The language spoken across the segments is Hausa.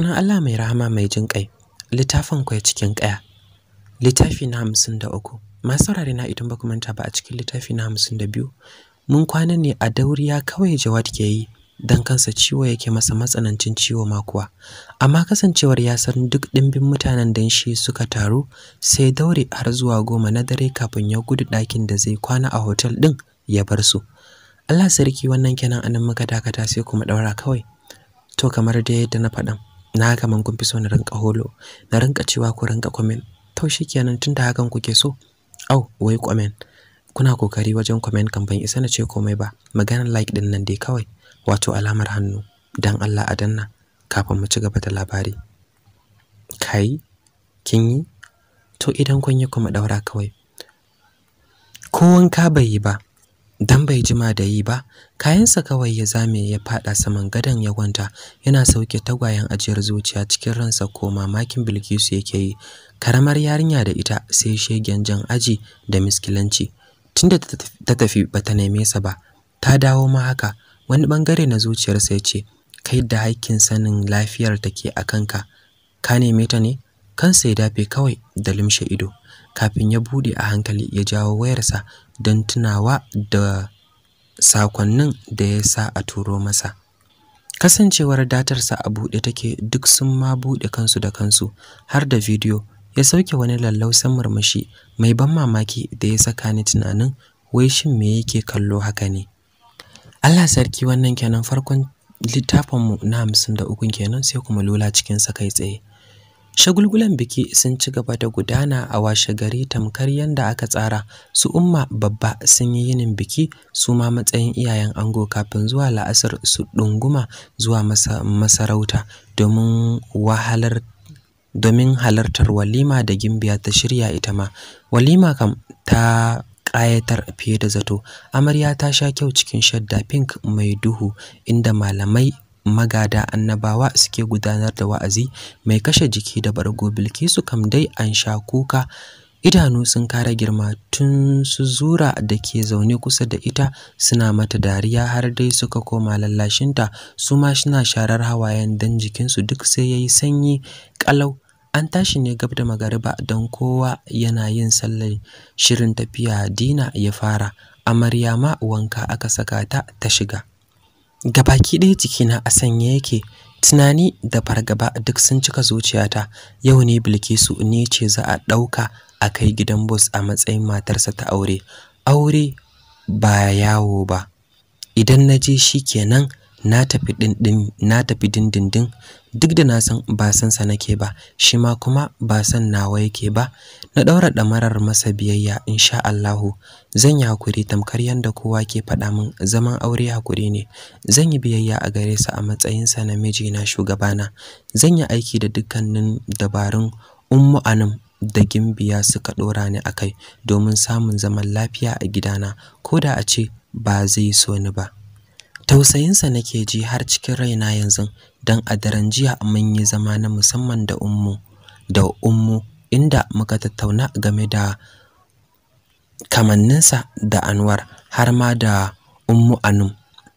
sunan Allah mai rahama mai jin ƙai littafin kwai cikin ƙaya littafi na hamsin da uku masu saurare na idan ba ku manta ba a cikin littafi na hamsin da biyu mun kwana ne a dauriya kawai jawad ke yi dan kansa ciwo yake masa matsanancin ciwo makuwa amma kasancewar ya san duk ɗimbin mutanen dan shi suka taru sai daure har zuwa goma na dare kafin ya gudu dakin da zai kwana a hotel ɗin ya bar su Allah sarki wannan kenan anan muka dakata sai kuma ɗaura kawai to kamar da yadda na faɗan na kaman kun fi so na rinka holo na rinka cewa ku rinka comment to shikenan tunda hakan kuke so au wai comment kuna kokari wajen comment kan ban isa na ce komai ba maganar like din nan dai kawai wato alamar hannu dan Allah a danna kafin mu ci gaba da labari kai kin yi to idan kun yi kuma daura kawai ko wanka bai yi ba dan bai jima da yi ba kayansa kawai ya zame ya fada saman gadon ya kwanta yana sauke tagwayen ajiyar zuciya cikin ransa ko mamakin Bilkisu yake yi karamar yarinya da ita sai shegen jan aji da miskilanci tunda ta tafi bata neme sa ba ta dawo ma haka wani bangare na zuciyarsa ya ce kai da haƙƙin sanin lafiyar ke a kanka ka neme ta ne kansa ya dafe kawai da limshe ido kafin ya bude a hankali ya jawo wayarsa don tunawa da sakonnin da ya sa a turo masa kasancewar datarsa a buɗe take duk sun ma buɗe kansu da kansu har da bidiyo ya sauke wani lallausan murmushi mai ban mamaki da ya saka ni tunanin wai shin me yake kallo haka ne Allah sarki wannan kenan farkon littafinmu na hamsin da 53 kenan sai kuma lula cikin sa kai tsaye Shagulgulan biki sun ci gaba da gudana a washe gari tamkar yadda aka tsara. Su Umma babba sun yi yinin biki su ma matsayin iyayen ango kafin zuwa la'asar su ɗunguma zuwa masarauta domin domin halartar walima da gimbiya ta shirya ita ma. Walima kam ta ƙayatar fiye da zato. Amarya ta sha kyau cikin shadda pink mai duhu inda malamai magada annabawa suke gudanar da wa'azi mai kashe jiki da bargo Bilkisu kam dai an sha kuka idanu sun kara girma tun su zura da ke zaune kusa da ita suna mata dariya har dai suka koma lallashinta su ma suna sharar hawayen dan jikinsu duk sai ya yi sanyi kalau an tashi ne gab da magariba don kowa yana yin sallar shirin tafiya dina ya fara amarya ma wanka aka saka ta ta shiga gabaki ɗaya jikina a sanye yake tunani da fargaba duk sun cika zuciyata yau ne bilkisu ne ce za a ɗauka a kai gidan bos a matsayin matarsa ta aure aure ba yawo ba idan na je shi kenan na tafi dindindin duk da na san ba san sa nake ba shi ma kuma ba san nawa yake ba na daura damarar masa biyayya insha Allahu zan yi hakuri tamkar yanda kowa ke faɗa min zaman aure hakuri ne zan yi biyayya a gare sa a matsayin sa na miji na shugabana zan yi aiki da dukkanin dabarun ummu anum da gimbiya suka dora ni akai domin samun zaman lafiya a gidana koda a ce ba zai so ni ba tausayinsa nake ji har cikin raina yanzu don a daren jiya mun yi zama na musamman da ummu da ummu inda muka tattauna game da kamanninsa da anwar har ma da ummu anum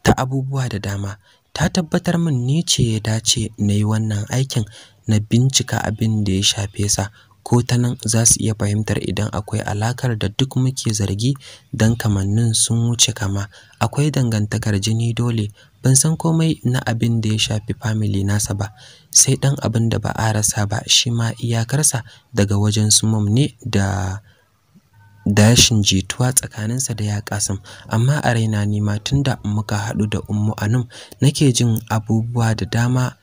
ta abubuwa da dama ta tabbatar min ni ce ya dace na yi wannan aikin na bincika abin da ya shafe sa ko ta nan za su iya fahimtar idan akwai alakar da duk muke zargi don kamannin sun wuce kama akwai dangantakar jini dole ban san komai na abin da ya shafi family nasa ba sai dan abin da ba a rasa ba shi ma iyakarsa daga wajen sumum ne da dashin jituwa tsakaninsa da ya kasim amma a raina ni ma tunda muka haɗu da ummu anum nake jin abubuwa da dama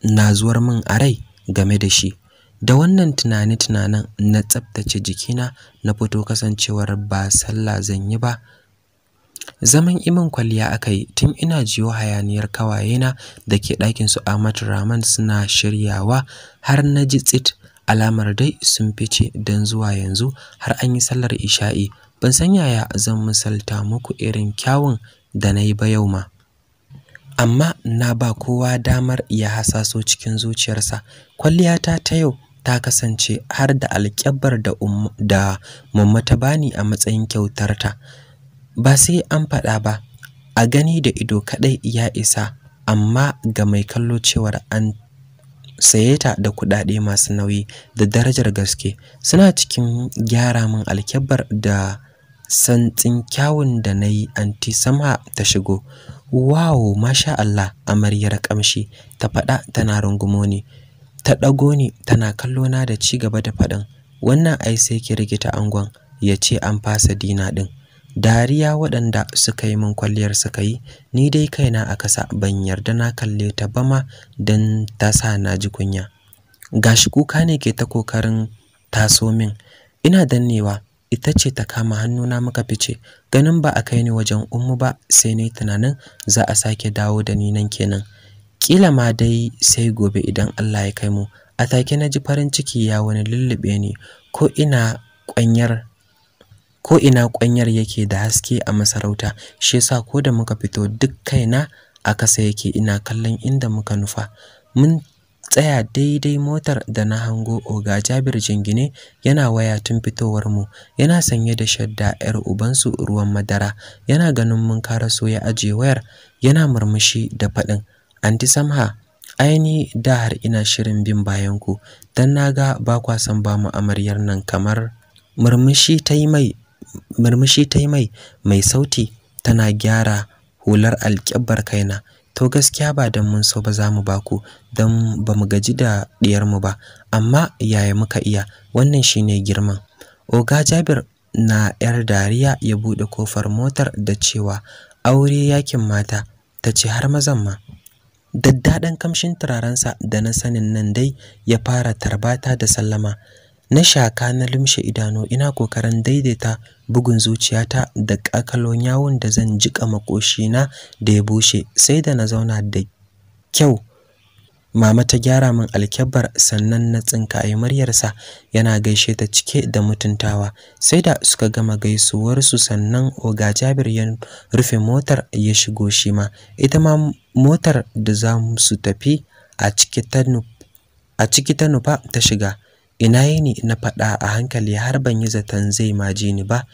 na zuwar min a rai game da shi da wannan tunani-tunanin na tsaftace jikina na fito kasancewar ba sallah zan yi ba zaman iman kwalliya aka yi tun ina jiyo hayaniyar kawayena da ke ɗakin su Ahmad Rahman suna shiryawa har na ji tsit alamar dai sun fice don zuwa yanzu har an yi sallar isha'i ban san yaya zan misalta muku irin kyawun da na yi ba yau ma amma na ba kowa damar ya hasaso cikin zuciyarsa kwalliyata ta yau ta kasance har da alƙyabar da da ta bani a matsayin kyautarta ba sai an faɗa ba a gani da ido kaɗai ya isa amma ga mai kallo cewar an saye ta da kuɗaɗe masu nauyi da darajar gaske suna cikin gyara min alƙabar da santsin kyawun da na yi anti sama ta shigo wow masha Allah amaryar kamshi ta faɗa tana rungumoni. ne ta ɗago ni tana kallona da ci gaba da faɗin wannan ai sai ki rikita angon ya ce an fasa dina ɗin dariya waɗanda suka yi min kwalliyar suka yi ni dai kaina a kasa ban yarda na kalle ta ba ma don ta sa na ji kunya gashi kuka ne ke ta kokarin taso min ina dannewa ita ce ta kama hannuna muka fice ganin ba a kai ni wajen ummu ba sai ne tunanin za a sake dawo da ni nan kenan kila ma dai sai gobe idan Allah ya kai mu a take na ji farin ciki ya wani lullube ni ko ina kwanyar ko ina kwanyar yake da haske a masarauta shi yasa ko da muka fito duk kaina a kasa yake ina kallon inda muka nufa mun tsaya daidai motar da na hango oga Jabir Jingine yana waya tun fitowar mu yana sanye da shadda yar ubansu ruwan madara yana ganin mun karaso ya aje wayar yana murmushi da faɗin anti samha aini da har ina shirin bin bayan ku dan naga ba kwa san ba mu amaryar nan kamar murmushi tai mai murmushi tai mai mai sauti tana gyara hular alƙibbar kaina to gaskiya ba dan mun so ba za mu ba ku, dan ba mu gaji da diyar mu ba amma yaya muka iya wannan shine girman oga Jabir na yar dariya ya bude kofar motar da cewa aure yakin mata tace har mazan ma daddaɗan kamshin turarensa da na sanin nan dai ya fara tarbata da sallama na shaka na lumshe idanu ina kokarin daidaita bugun zuciyata da kakalon yawon da zan jika makoshina da ya bushe sai da na zauna da kyau Mama ta gyara min alkyabar sannan na tsinkaye maryarsa yana gaishe ta cike da mutuntawa. Sai da suka gama gaisuwar su sannan Oga Jabir ya rufe motar ya shigo shi ma. Ita ma motar da za su tafi a ciki ta nufa ta shiga. Ina yini na faɗa a hankali har ban yi zaton zai maje ni ba.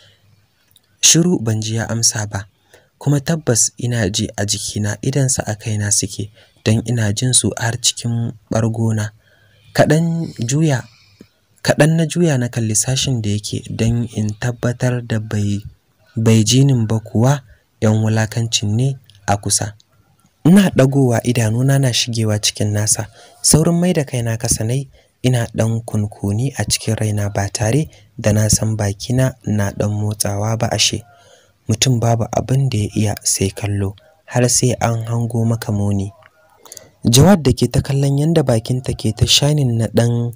Shiru ban ji ya amsa ba. Kuma tabbas ina ji a jikina idan sa a kaina suke. don ina jin su har cikin bargona kaɗan juya kaɗan na juya na kalli sashin da yake don in tabbatar da bai bai jinin ba kuwa yan wulakancin ne a kusa ina ɗagowa idanuna na shigewa cikin nasa saurin mai da kaina kasa kasanai. ina ɗan kunkuni a cikin raina ba tare da na san bakina na ɗan motsawa ba ashe mutum babu abin da ya iya sai kallo har sai an hango maka muni Jawad da ke ta kallon yanda bakinta ke ta shining na ɗan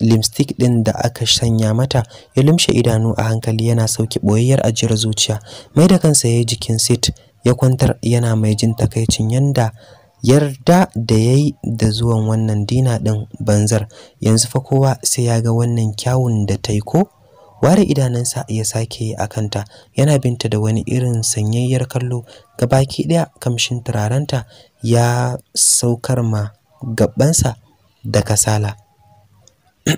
lipstick ɗin da aka sanya mata ya lumshe idanu a hankali yana sauki ɓoyayyar ajiyar zuciya mai da kansa ya yi jikin sit ya kwantar yana mai jin takaicin yadda yarda da ya yi da zuwan wannan dina ɗin banzar yanzu fa kowa sai ya ga wannan kyawun da ta yi ko ware idanunsa ya sake yi a kanta yana binta da wani irin sanyayyar kallo baki ɗaya kamshin turarenta ya saukar ma gabansa da kasala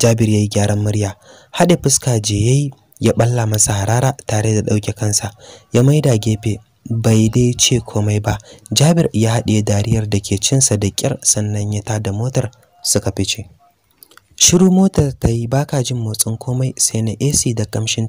jabir ya yi gyaran murya haɗe fuska je ya yi ya ɓalla masa harara tare da ɗauke kansa ya maida gefe bai dai ce komai ba jabir ya haɗe dariyar da ke cinsa da ƙyar sannan ya tada motar suka fice Shiru motar ta yi baka jin motsin komai sai na AC da kamshin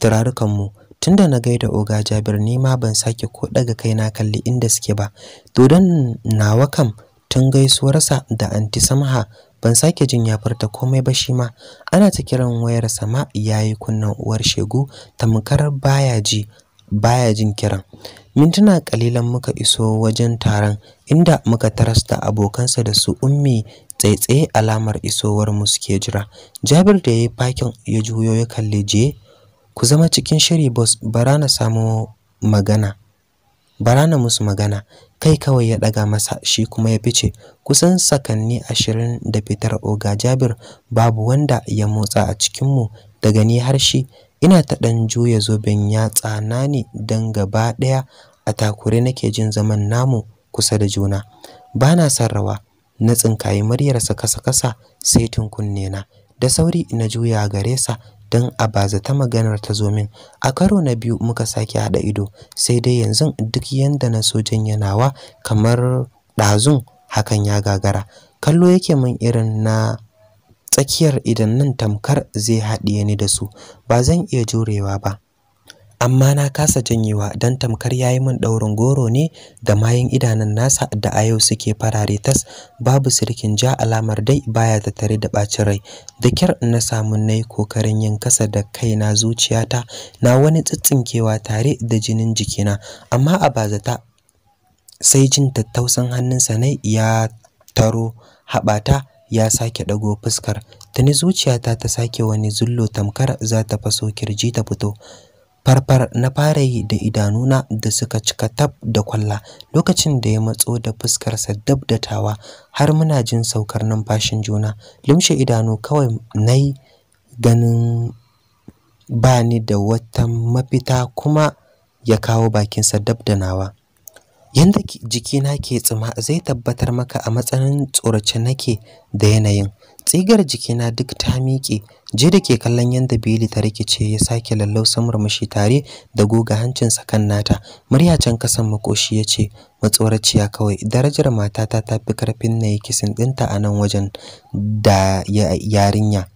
turarukanmu. Tunda na gaida Oga Jabir ni ma ban sake ko daga kaina kalli inda suke ba. To dan nawa kam tun gaisuwarsa da anti Samha ban sake jin ya furta komai ba shi ma. Ana ta kiran wayar sama yayi kunnan uwar shegu tamkar baya ji baya jin kiran. mintuna kalilan muka iso wajen taron inda muka tarasta abokansa da su ummi tsaitsaye alamar isowar mu suke jira jabir da yayi fakin ya juyo ya kalle je ku zama cikin shiri boss barana samu magana barana musu magana kai kawai ya daga masa shi kuma ya fice kusan sakanni ashirin da fitar oga jabir babu wanda ya motsa a cikinmu daga ni har shi ina ta ɗan juya zoben ya tsana ne dan gaba ɗaya a takure nake jin zaman namu kusa da juna Bana na son rawa na tsinkayi sa kasa-kasa sai tunkunne na da sauri na juya gare sa don a baza ta maganar ta zo min a karo na biyu muka sake haɗa ido sai dai yanzu duk yanda na so janye nawa kamar ɗazun hakan ya gagara kallo yake min irin na tsakiyar idan nan tamkar zai haɗiye ni da su ba zan iya jurewa ba amma na kasa janyewa dan tamkar ya yi min ɗaurin goro ne da mayin idanun nasa da a yau suke farare tas babu sirkin ja alamar dai baya da tare da ɓacin rai da kyar na samu na yi kokarin yin kasa da kaina zuciyata na wani tsitsinkewa tare da jinin jikina amma a bazata sai jin tattausan hannunsa ne ya taro haɓata ya sake ɗago fuskar tuni zuciyata ta sake wani zullo tamkar za ta faso kirji ta fito farfar na fara yi da idanuna da suka cika tab da kwalla lokacin da ya matso da fuskar dab da tawa har muna jin saukar numfashin juna limshe idanu kawai nayi ganin bani da wata mafita kuma ya kawo bakin dab da nawa yanda jikina ke tsima zai tabbatar maka a matsayin tsorace nake da yanayin tsigar jikina duk ta miƙe je da ke kallon yanda bili ta rikice ya sake lallausan murmushi tare da goga hancinsa kan nata murya can kasan makoshi ya ce matsoraciya kawai darajar matata ta fi karfin na yi kisin ɗinta a nan wajen da yarinya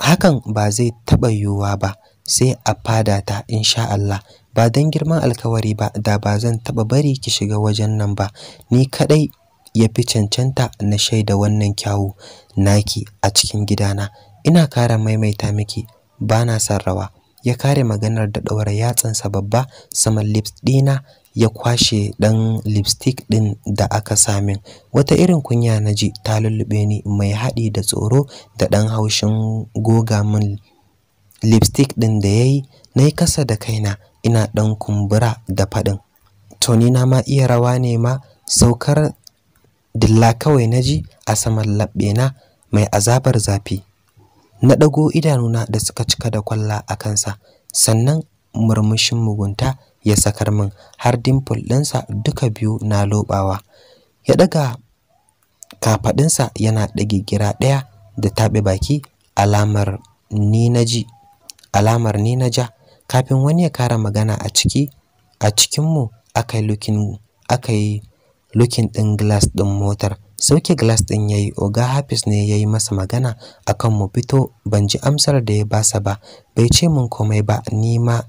hakan ba zai taɓa yiwuwa ba sai a fada ta, insha Allah ba dan girman alkawari ba da ba zan taɓa bari ki shiga wajen nan ba ni kaɗai ya fi cancanta na shaida wannan kyawu naki a cikin gidana ina kara maimaita miki bana na son rawa ya kare maganar da ɗaura sa babba saman lips ɗina ya kwashe ɗan lipstick ɗin da aka samin wata irin kunya na ji ta lullube ni mai haɗi da tsoro da ɗan haushin goga min lipstick ɗin da yayi yi kasa da kaina ina ɗan kumbura da faɗin to ni na ma iya rawa ne ma saukar dilla kawai na ji a saman na mai azabar zafi na ɗago idanuna da suka cika da kwalla a kansa sannan murmushin mugunta ya sakar min har dimple ɗinsa duka biyu na lobawa ya ɗaga kafaɗinsa yana ɗage gira ɗaya da taɓe baki alamar ni na alamar ni na ja kafin wani ya kara magana a ciki a cikinmu aka yi lukin aka yi lukin ɗin glass ɗin motar sauke glass ɗin ya yi oga hafiz ne ya yi masa magana akan mu fito ban ji amsar da ya basa ba bai ce min komai ba ni ma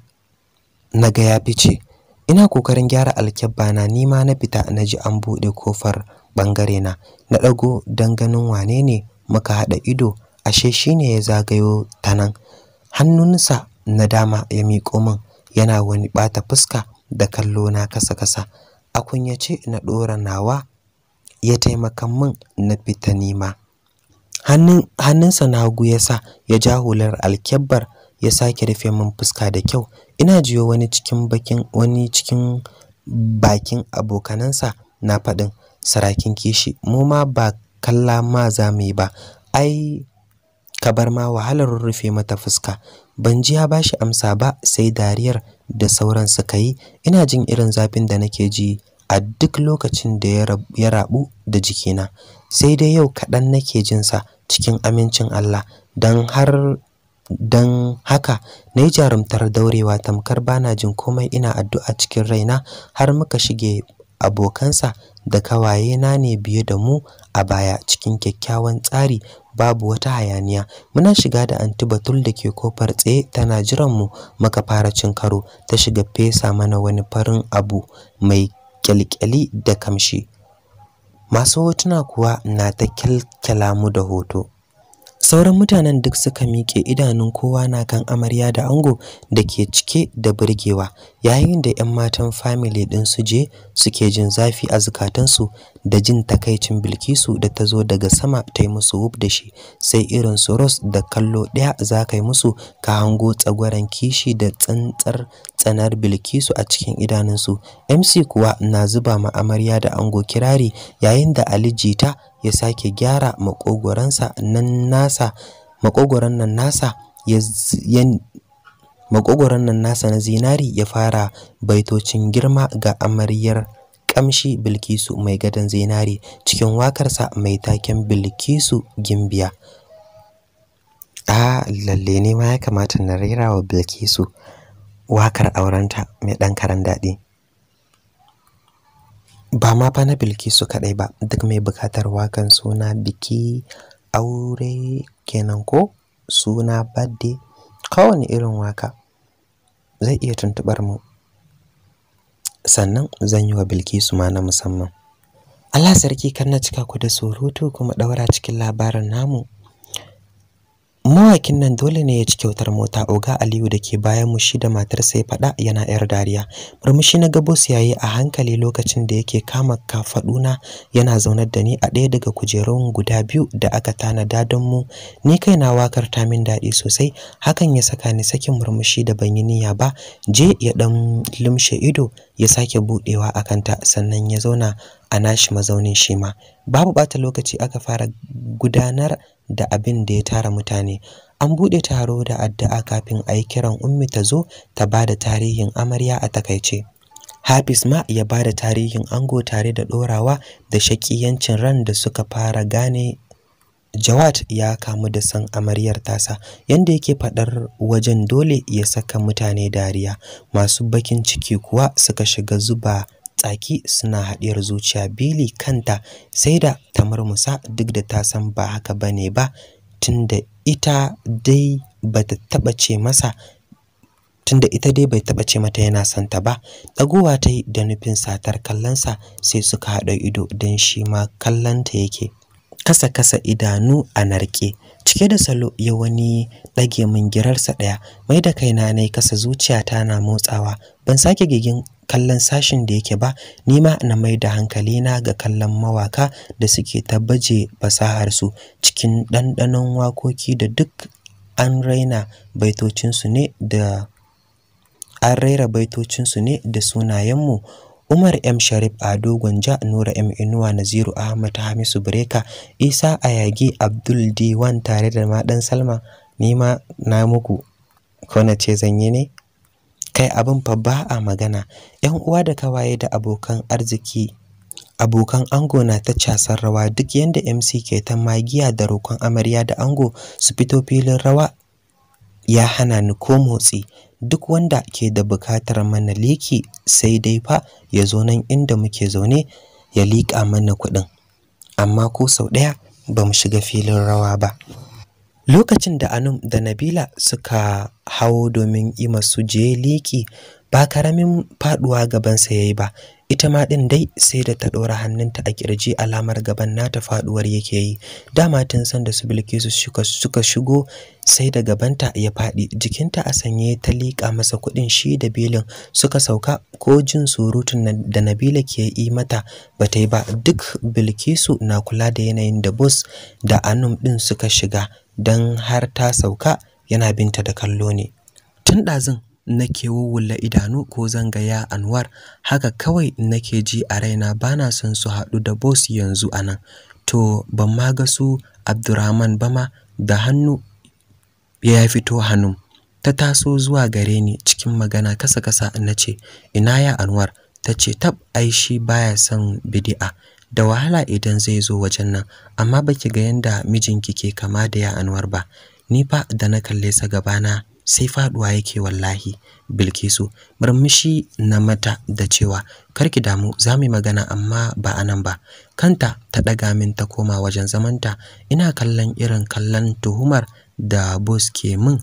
na ga ya fice ina kokarin gyara alkyabba na ni ma na fita na ji an buɗe kofar bangare na na ɗago don ganin wane ne muka haɗa ido ashe shine ya zagayo ta nan hannunsa na dama ya miƙo min yana wani ɓata fuska da kallo na kasa-kasa a kunyace na ɗora nawa ya taimaka min na fita nima hannunsa na hagu ya sa ya ja hular alkyabbar ya sake rufe min fuska da kyau ina jiyo wani cikin bakin wani cikin bakin abokanansa na faɗin sarakin kishi mu ma ba kalla ma za mu yi ba ai Ka bar ma wahalar rurrufe mata fuska ban ji ya bashi amsa ba sai dariyar da sauran suka yi ina jin irin zafin da nake ji a duk lokacin da ya rabu da jikina sai dai yau kaɗan nake jinsa cikin amincin Allah don har don haka na yi jarumtar daurewa tamkar bana jin komai ina addu'a cikin raina har muka shige abokansa da kawaye na ne biye da mu a baya cikin kyakkyawan tsari babu wata hayaniya muna shiga da anti batul da ke kofar tsaye tana jiran mu maka fara cin karo ta shiga fesa mana wani farin abu mai kyalkyali da kamshi masu hotuna kuwa na ta kyalkyala mu da hoto sauran mutanen duk suka miƙe idanun kowa na kan amarya da ango da ke cike da burgewa yayin da 'yan matan family ɗin suje suke jin zafi a zukatansu da jin takaicin Bilkisu da ta zo daga sama ta yi musu wuf da shi sai irin su Ros da kallo ɗaya za ka yi musu ka hango tsagwaron kishi da tsantsar tsanar Bilkisu a cikin idanunsu MC kuwa na zuba ma amarya da ango kirari yayin da Ali ta ya sake gyara makogoransa makogoran nan nasa ya makogoron nan nasa na zinari ya fara baitocin girma ga amaryar kamshi Bilkisu mai gadon zinari, cikin wakarsa mai taken Bilkisu Gimbiya. A lalle ne ma ya kamata na rera wa Bilkisu wakar aurenta mai ɗan karan daɗi. Ba ma fa na Bilkisu kaɗai ba, duk mai bukatar wakan suna biki aure kenan ko suna birthday kowane irin waka zai iya tuntubar mu sannan zan yi wa Bilkisu ma na musamman. Allah sarki kan na cika ku da surutu kuma ɗaura cikin labarin namu mawakin nan dole ne ya ci kyautar mota oga aliyu da ke bayan mu shi da matar sai faɗa yana yar dariya murmushi na gabos yayi a hankali lokacin da yake kama kafaduna yana zaunar da ni a ɗaya daga kujerun guda biyu da aka tanada don mu ni kai na wakar ta min daɗi sosai hakan ya saka ni sakin murmushi da ban yi niyya ba je ya ɗan lumshe ido ya sake buɗewa a kanta sannan ya zauna a nashi mazaunin shi ma babu bata lokaci aka fara gudanar da abin da ya tara mutane an bude taro da addu'a kafin a yi kiran ummi ta zo ta bada tarihin amarya a takaice Hafiz ma ya bada tarihin ango tare da dorawa da shakiyancin ran da suka fara gane Jawad ya kamu da san amaryar tasa yanda yake fadar wajen dole ya saka mutane dariya masu bakin ciki kuwa suka shiga zuba tsaki suna haɗiyar zuciya bili kanta sai da ta murmusa duk da ta san ba haka bane ba tunda ita dai bata taba ce masa tunda ita dai bai taba ce mata yana son ta ba dagowa ta yi da nufin satar kallonsa sai suka haɗa ido don shi ma kallonta yake kasa kasa idanu a narke cike da salo ya wani ɗage mingirarsa ɗaya mai da kaina na yi kasa zuciyata na motsawa ban sake gigin kallon sashin da yake ba ni ma na mai da hankali na ga kallon mawaka da suke tabbaje fasahar su cikin ɗanɗanon wakoki da duk an raina su ne da an raira baitocinsu ne da sunayenmu Umar M Sharif Ado Gwanja Nura M Inuwa Naziru Ahmad Hamisu Breka Isa Ayagi Abdul D1 tare da madan Salma nima na muku ko na ce zanyi ne kai abin fa ba a magana yan uwa da kawaye da abokan arziki abokan ango na ta casar rawa duk yanda MC ke ta magiya da roƙon amarya da ango su fito filin rawa ya hana ni ko motsi duk wanda ke da bukatar mana liki sai dai fa ya zo nan inda muke zaune ya liƙa mana kuɗin amma ko sau ɗaya ba mu shiga filin rawa ba lokacin da anum da nabila suka hau domin yi masu je liki ba karamin faduwa gabansa yayi ba ita ma din dai sai da ta dora hannunta a kirji alamar gaban nata faduwar yake yi dama tun san da su Bilkisu suka suka shigo sai da gabanta ya fadi jikinta a sanye ta lika masa kudin shi da bilin suka sauka ko jin surutun da Nabila ke yi mata ba ta yi ba duk Bilkisu na kula da yanayin da bus da Anum din suka shiga don har ta sauka yana binta da kallo ne tun ɗazun nake wuwula idanu ko zan ya Anwar haka kawai nake ji a raina bana son su haɗu da bos yanzu anan to ban ma ga su Abdurrahman ba ma da hannu ya fito hannun ta taso zuwa gare ni cikin magana kasa kasa na ce ina ya Anwar ta ce tab Aishi baya son bidi'a. da wahala idan zai zo wajen nan amma baki ga yanda mijinki ke kama da ya Anwar ba ni fa da na kalle sa gabana sai faduwa yake wallahi Bilkisu murmushi na mata da cewa kar ki damu za mu yi magana amma ba anan ba kanta ta daga min ta koma wajen zamanta ina kallon irin kallon tuhumar da boss ke min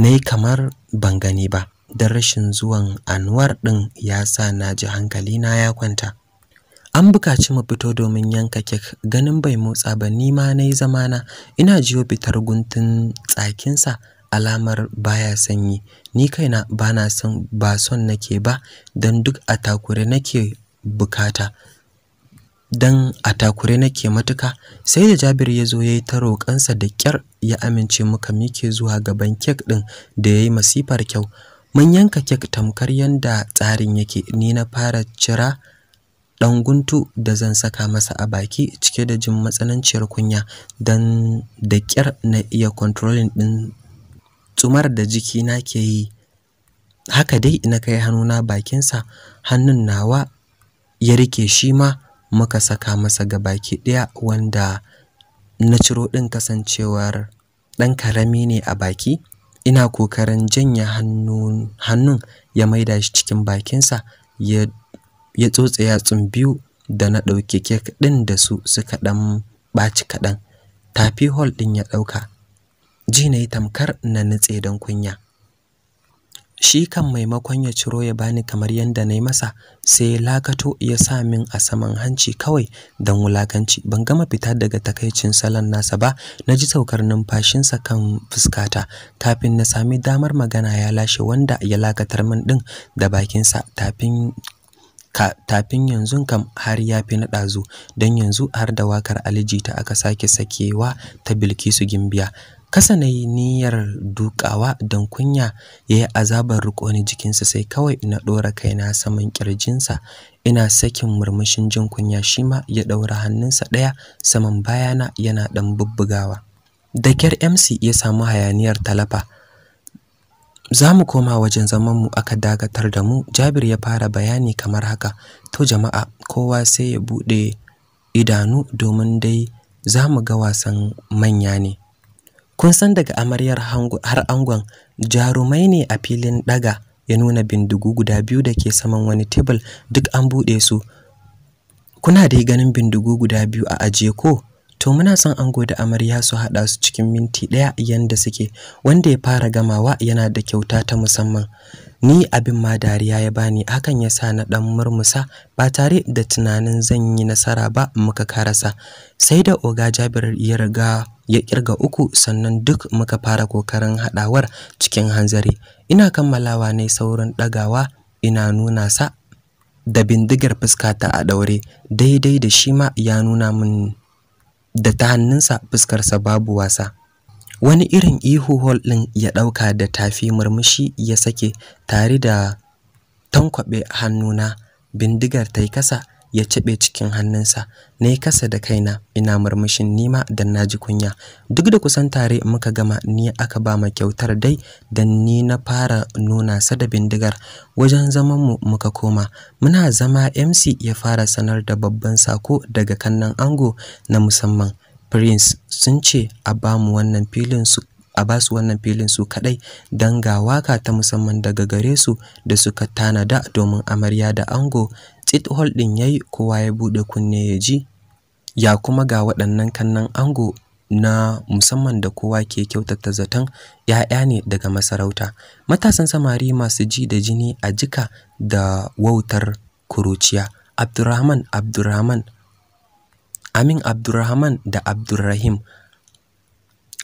nayi kamar ban gani ba don rashin zuwan Anwar din ya sa na ji hankali na ya kwanta an bukaci mu fito domin yanka kek ganin bai motsa ba ni ma nayi zamana ina jiyo fitar guntun tsakinsa alamar baya sanyi ni kaina bana son ba son nake ba dan duk a takure nake bukata dan a takure nake matuka sai da Jabir ya zo yayi ta roƙansa da kyar ya amince muka mike zuwa gaban kek ɗin da yayi masifar kyau mun yanka kek tamkar yanda tsarin yake ni na fara cira ɗan guntu da zan saka masa a baki cike da jin matsananciyar kunya dan da ƙyar na iya controlling ɗin tsumar da jiki na ke yi haka dai na kai hannuna bakinsa hannun nawa ya rike shi ma muka saka masa ga baki ɗaya wanda na ciro ɗin kasancewar ɗan karami ne a baki ina kokarin janya hannun ya maida shi cikin bakinsa ya ya tsotse yatsun biyu da na ɗauki kek ɗin da su suka ɗan ɓaci kaɗan tafi hol ɗin ya ɗauka ji na tamkar na nitse dan kunya shi kan maimakon ya ciro ya bani kamar yadda na yi masa sai lakato ya sa min a saman hanci kawai dan wulakanci ban gama fita daga takaicin salon nasa ba naji ji saukar numfashinsa kan fuskata kafin na sami damar magana ya lashe wanda ya lakatar min ɗin da bakinsa tafin ka tafin yanzu kam har ya fi na ɗazu don yanzu har da wakar ta aka sake sakewa ta bilkisu gimbiya kasa na yi niyyar dukawa don kunya ya yi azabar rikoni jikinsa sai kawai na ɗora kaina saman ƙirjinsa ina sakin murmushin jin kunya shi ma ya ɗaura hannunsa ɗaya saman bayana yana ɗan bubbugawa da kyar mc ya samu hayaniyar talafa za mu koma wajen zamanmu aka dakatar da mu jabir ya fara bayani kamar haka to jama'a kowa sai ya buɗe idanu domin dai za mu ga wasan manya ne kun san daga amaryar har angon jarumai ne a filin daga ya nuna bindigu guda biyu da ke saman wani tebul duk an buɗe su kuna dai ganin bindigu guda biyu a ajiye ko to muna son ango da amarya su haɗa su cikin minti ɗaya yanda suke wanda ya fara gamawa yana da kyauta ta musamman ni abin ma dariya ya bani hakan ya sa na ɗan murmusa ba tare da tunanin zan yi nasara ba muka karasa sai da oga jabir ya riga ya kirga uku sannan duk muka fara kokarin haɗawar cikin hanzari ina kammalawa ne saurin ɗagawa ina nuna sa da bindigar fuskata a daure daidai da shi ma ya nuna min da ta hannunsa fuskarsa babu wasa wani irin ihu hol ɗin ya ɗauka da tafi murmushi ya sake tare da tankwaɓe hannuna bindigar ta yi kasa ya cibe cikin hannunsa na yi kasa da kaina ina murmushin nima na ji kunya duk da kusan tare muka gama ni aka ba ma kyautar dai da ni na fara nuna sa da bindigar wajen zaman mu muka koma muna zama MC ya fara sanar da babban sako daga kannan ango na musamman Prince sun ce a ba mu wannan filin su a ba su wannan filin su kaɗai don ga waka ta musamman daga gare su da suka tanada domin amarya da ango tsit hall ɗin ya yi kowa ya buɗe kunne ya ji ya kuma ga waɗannan kannan ango na musamman da kowa ke kyautata zaton ‘ya'ya ne daga masarauta matasan samari masu ji da jini a jika da wautar kuruciya abdurrahman abdurrahman amin abdurrahman da abdurrahim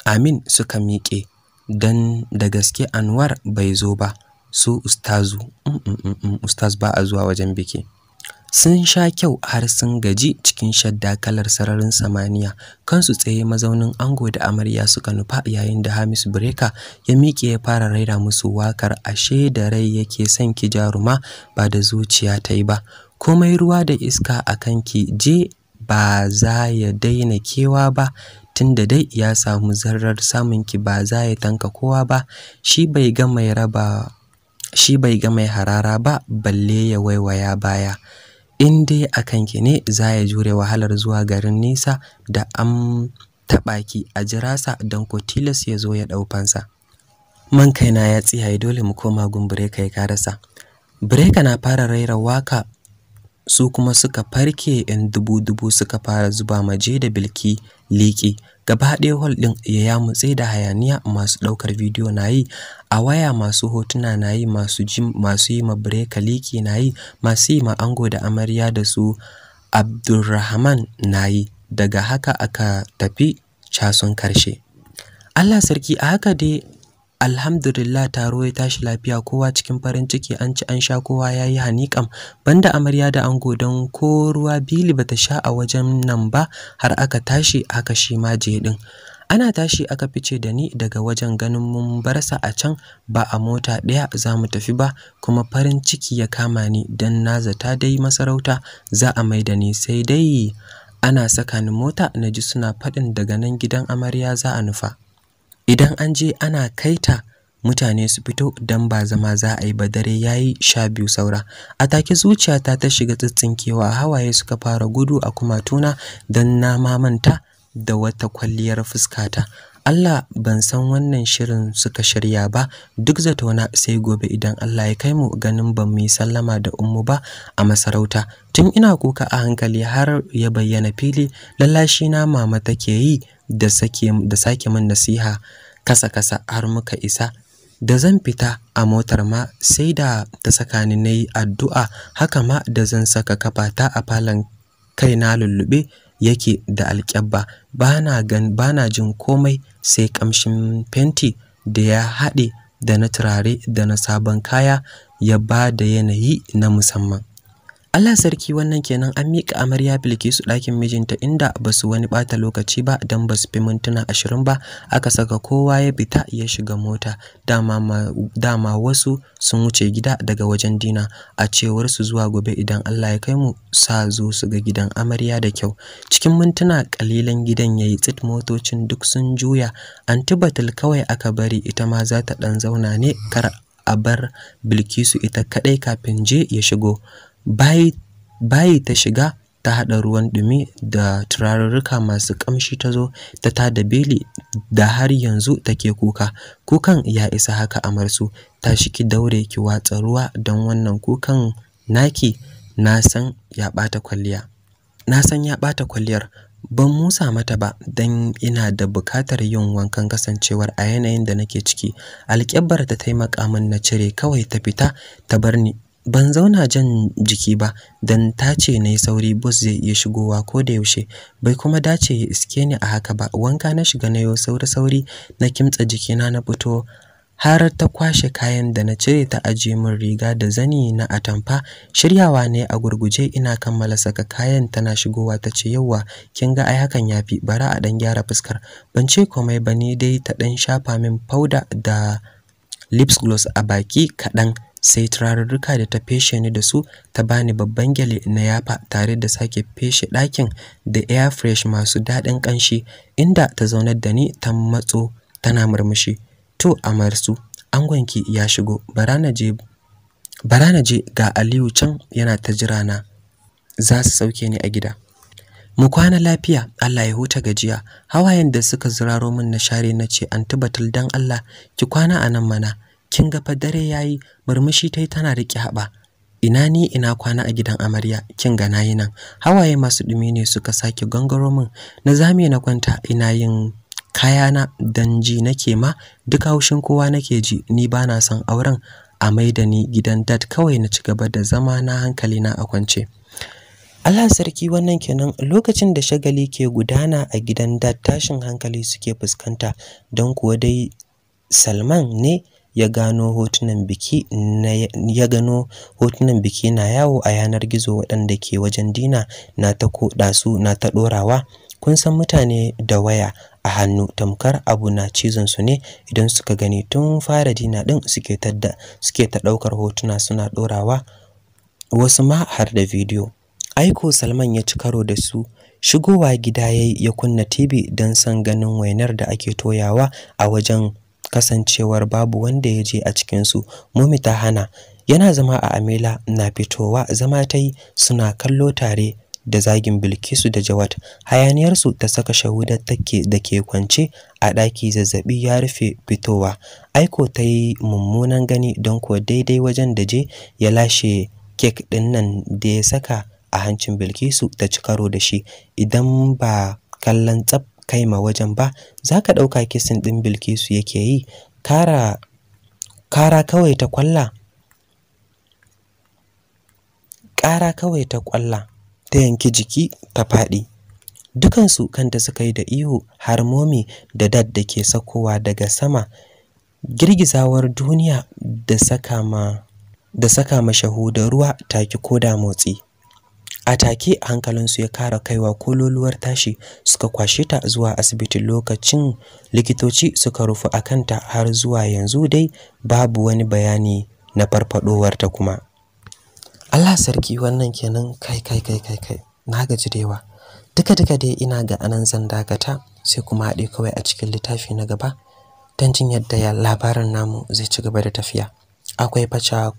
Amin suka miƙe don da gaske Anwar bai zo ba su ustazu mm, mm, mm, ustaz ba a zuwa wajen biki sun sha kyau har sun gaji cikin shadda kalar sararin samaniya kansu tsaye mazaunin ango da amarya suka nufa yayin da Hamis Breka ya miƙe ya fara raira musu wakar ashe da rai yake son ki jaruma ba da zuciya ta yi ba komai ruwa da iska a kanki je ba za ya daina kewa ba Tun da dai ya samu zarar samun ki ba za ya tanka kowa ba shi bai ga mai raba shi bai ga mai harara ba balle ya waiwaya baya in dai a kanki ne za ya jure wahalar zuwa garin nisa da an taɓa ki a jirasa don ko tilas ya zo ya ɗau fansa man kaina ya tsiyaye dole mu koma gun bireka ya karasa bireka na fara raira waka su kuma suka farke yan dubu-dubu suka fara zuba maje da bilki Liki. gaba ɗaya hol ɗin ya yamutse da hayaniya masu ɗaukar bidiyo na yi a waya masu hotuna na yi masu masu yi ma breka nayi na yi masu yi ma ango da amarya da su abdulrahman na yi daga haka aka tafi casun karshe Allah sarki a haka dai Alhamdulillah taro ya tashi lafiya kowa cikin farin ciki an ci an sha kowa ya yi hanikam banda amarya da ango don ko ruwa bili bata sha a wajen nan ba har aka tashi aka shi ma je din. Ana tashi aka fice da ni daga wajen ganin mun bar a can ba a mota ɗaya za mu tafi ba kuma farin ciki ya kama ni don na zata dai masarauta za a mai da ni sai dai ana saka ni mota na ji suna faɗin daga nan gidan amarya za a nufa. idan an je ana kaita mutane su fito don ba zama za a yi ba dare ya yi sha biyu saura a take zuciyata ta shiga tsintsinkewa hawaye suka fara gudu a kumatuna don na mamanta da wata kwalliyar fuskata Allah ban san wannan shirin suka shirya ba duk zato na, sai gobe idan Allah ya kai mu ganin ban mu sallama da ummu ba a masarauta tun ina kuka a hankali har ya bayyana fili lallashi na mama take yi da sake da sake min nasiha kasa kasa har muka isa da zan fita a motar ma sai da ta saka ni nayi addu'a haka ma da zan saka kafata a falon na lullube yake da alƙyabba bana gan bana jin komai sai kamshin fenti da ya haɗe da na turare da na sabon kaya ya ba da yanayi na musamman Allah sarki wannan kenan an miƙa amarya Bilkisu ɗakin mijinta inda ba su wani ɓata lokaci ba don ba su fi mintuna ashirin ba aka saka kowa ya bita ya shiga mota dama, dama wasu sun wuce gida daga wajen dina a cewar su zuwa gobe idan Allah ya kai mu sa zo su ga gidan amarya da kyau cikin mintuna ƙalilan gidan yayi tsit motocin duk sun juya antibatil kawai aka bari ita ma za ta ɗan zauna ne kar a bar Bilkisu ita kaɗai kafin je ya shigo bayi ta shiga ta haɗa ruwan ɗumi da turarurruka masu ƙamshi ta zo ta tada beli da har yanzu take kuka kukan ya isa haka amarsu ta shiki daure ki watsa ruwa don wannan kukan naki na san ya ɓata kwalliya na san ya ɓata kwalliyar ban musa mata ba don ina da bukatar yin wankan kasancewar a yanayin da nake ciki alƙibbar ta taimaka min na cire kawai ta fita ta bar ban zauna jan jiki ba dan ta ce na yi sauri bus zai iya shigowa ko da yaushe bai kuma dace ya iske ni a haka ba wanka na shiga na yau sauri sauri na kimtsa jikina na fito har ta kwashe kayan da na cire ta ajiye min riga da zani na atamfa shiryawa ne a gurguje ina kammala saka kayan tana shigowa ta ce yauwa kin ga ai hakan yafi bara a dan gyara fuskar ban ce komai ba ni dai ta dan shafa min powder da lips gloss a baki kaɗan sai turarurruka da ta feshe ni da su ta bani babban gyale na yafa tare da sake feshe ɗakin da air fresh masu daɗin ƙanshi inda ta zaunar da ni ta matso tana murmushi to a amarsu angonki ya shigo bara na je ga Aliyu can yana ta jira na za su sauke ni a gida mu kwana lafiya Allah ya huta gajiya hawayen da suka zuraro min na share na ce an batul dan Allah ki kwana anan mana kin ga dare yayi murmushi tai tana riƙe haɓa ina ni ina kwana a gidan amarya kin ga nayi nan hawaye masu ɗumi ne suka sake gangaro min na zame na kwanta ina yin kayana dan ji nake ma duk haushin kowa nake ji ni bana son auren a maida ni gidan dad kawai na ci gaba da zama na hankali na a kwance Allah sarki wannan kenan lokacin da shagali ke gudana a gidan dad tashin hankali suke fuskanta don kuwa dai Salman ne ya gano hotunan biki na gano hotunan biki na yawo a yanar gizo waɗanda ke wajen dina na ta koɗa su na ta ɗorawa kun san mutane da waya a hannu tamkar abu na cizon su ne idan suka gani tun fara dina ɗin suke ta ɗaukar hotuna suna ɗorawa. wasu ma har da video aiko Salman ya ci karo da su shigowa gida yayi ya kunna TV don san ganin wainar da ake toyawa a wajen kasancewar babu wanda ya je a cikinsu mumi ta hana yana zama a amela na fitowa zama ta yi suna kallo tare da zagin bilkisu da jawat hayaniyarsu ta saka shahudar take da ke kwance a ɗaki zazzabi ya rufe fitowa aiko ta yi mummunan gani don ko daidai wajen da je ya lashe kek ɗin nan da ya saka a hancin bilkisu ta ci karo da shi idan ba kallon tsab kai ma wajen ba za ka ɗauka kisin ɗin bilkisu yake yi kara kawai ta kwalla ƙara kawai ta kwalla ta yanki jiki ta faɗi dukansu kanta suka yi da ihu har momi da dad da ke sakowa daga sama girgizawar duniya da saka ma da saka ma shahu da ruwa koda motsi a take hankalinsu ya kara kaiwa kololuwar tashi suka kwashe ta zuwa asibitin lokacin likitoci suka rufe a kanta har zuwa yanzu dai babu wani bayani na ta kuma Allah sarki wannan kenan kai kai kai kai kai na gaji da yawa duka duka dai ina ga anan zan dakata sai kuma haɗe kawai a cikin littafi na gaba don jin yadda ya labarin namu zai ci gaba da tafiya akwai fa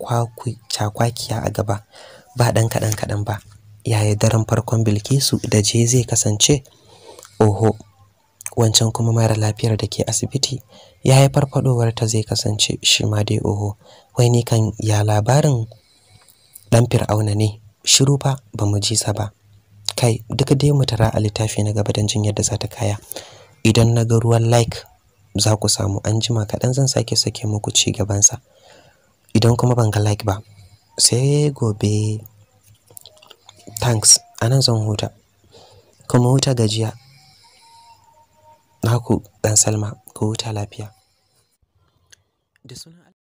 cakwakiya a gaba ba ɗan kaɗan kaɗan ba yaya daren farkon Bilkisu da je zai kasance oho wancan kuma mara lafiyar da ke asibiti yaya farfadowar ta zai kasance shi ma dai oho wai ni kan ya labarin dan fir'auna ne shiru fa ba mu ji sa ba kai duka dai mu tara a littafi na gaba don jin yadda za ta kaya idan na ga ruwan like za ku samu an jima kaɗan zan sake sake muku ci gabansa idan kuma ban ga like ba sai gobe Tanks a nan zan huta kuma huta gajiya naku dan salma ku huta lafiya da suna